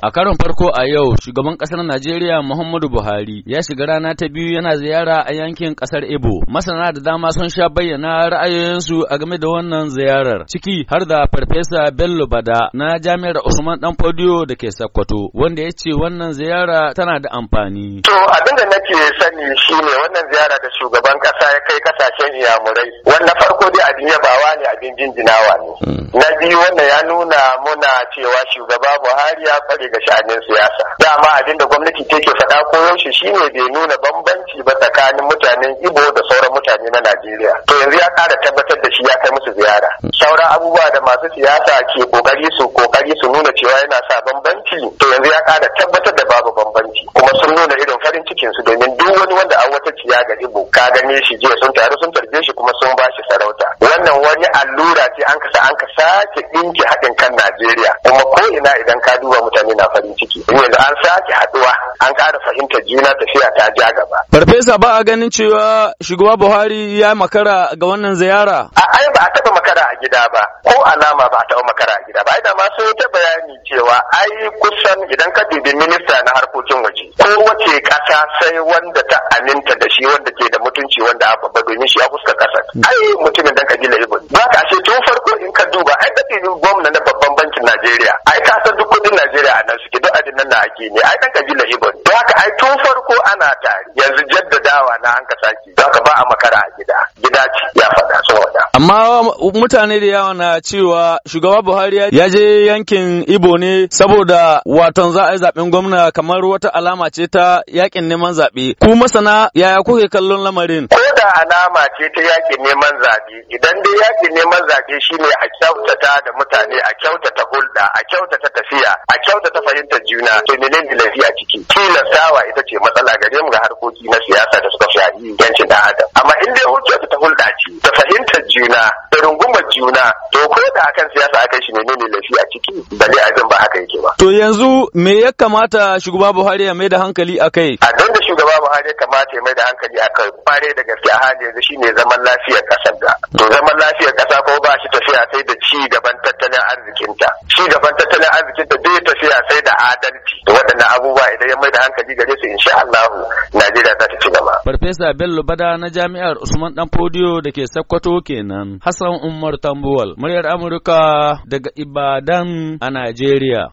A karon farko a yau, shugaban ƙasar Najeriya Muhammadu Buhari ya shiga rana ta biyu yana ziyara a yankin ƙasar Ibo. Masana da dama sun sha bayyana ra'ayoyinsu a game da wannan ziyarar, ciki har da Farfesa Bello Bada na Jami'ar Usman Dan fodio da ke Sokoto, wanda ya ce wannan ziyara tana da amfani. To abinda nake sani shine wannan ziyara da shugaban kasa ya kai kasashen iyamurai, wannan farko dai abin yabawa ne abin jinjinawa ne hmm. na biyu wannan ya nuna muna cewa shugaba buhari ya kware ga sha'anin siyasa dama abin da gwamnati take faɗa ko yaushe shine bai nuna bambanci ba tsakanin mutanen ibo da sauran mutane na najeriya to yanzu ya ƙara tabbatar da shi ya kai musu ziyara hmm. sauran abubuwa da masu siyasa ke kokari su kokari su nuna cewa yana sa bambanci to yanzu ya ƙara tabbatar da babu bambanci kuma sun nuna irin farin cikinsu su domin wani wanda an wata ciya ga ibo ka gane shi jiya sun taru sun tarbe shi kuma sun bashi sarauta wannan wani allura ce an kasa an ka sake dinki haɗin kan Najeriya kuma ko ina idan ka duba mutane na farin ciki da an sake haɗuwa an ƙara fahimta juna tafiya ta ja gaba. Farfesa ba a ganin cewa shugaba Buhari ya makara ga wannan ziyara? A ai ba a taɓa makara a gida ba ko alama ba a taɓa makara a gida ba ai da ma sun ta bayani cewa ai kusan idan ka dubi minista na harkokin waje ko wace ƙasa sai wanda shi wanda ke da mutunci wanda a babba domin shi a fuska kasar ai mutumin dan kabila Ib'u. ba ka ce tun farko in ka duba ai kadin gwamna na babban bankin Najeriya ai ka san duk kudin Najeriya a nan suke duk adin nan na ake ne ai dan kabila Ib'u. amma mutane da yawa na cewa shugaba Buhari ya je yankin Ibo ne saboda watan za a yi zaben gwamna kamar wata alama ce ta yakin neman zaɓe. Ku masana yaya kuke kallon lamarin? da alama ce ta yakin neman zaɓe idan dai yakin neman zaɓe shine a kyautata da mutane a kyautata hulɗa a kyautata tafiya a kyautata fahimtar juna to menene lafiya a ciki tilastawa ita ce matsala gare mu ga harkoki na siyasa da suka shafi yancin ɗan adam amma in dai hujja juna da rungumar juna to ko da akan siyasa aka shi menene lafi a ciki ba dai abin ba haka yake ba to yanzu me ya kamata shugaba Buhari ya mai da hankali akai a don da shugaba Buhari ya kamata ya mai da hankali akai kware da gaske a hali yanzu shine zaman lafiyar kasar da to zaman lafiyar kasa ko ba shi tafiya sai da ci gaban tattalin arzikinta ci gaban tattalin arzikin ta bai tafiya sai da adalci To waɗannan abubuwa idan ya mai da hankali gare su insha Allah Farfesa Bello Bada na Jami'ar Usman Dan Fodiyo da ke Sokoto kenan. Hassan Umar Tambuwal, muryar Amurka daga Ibadan a Najeriya.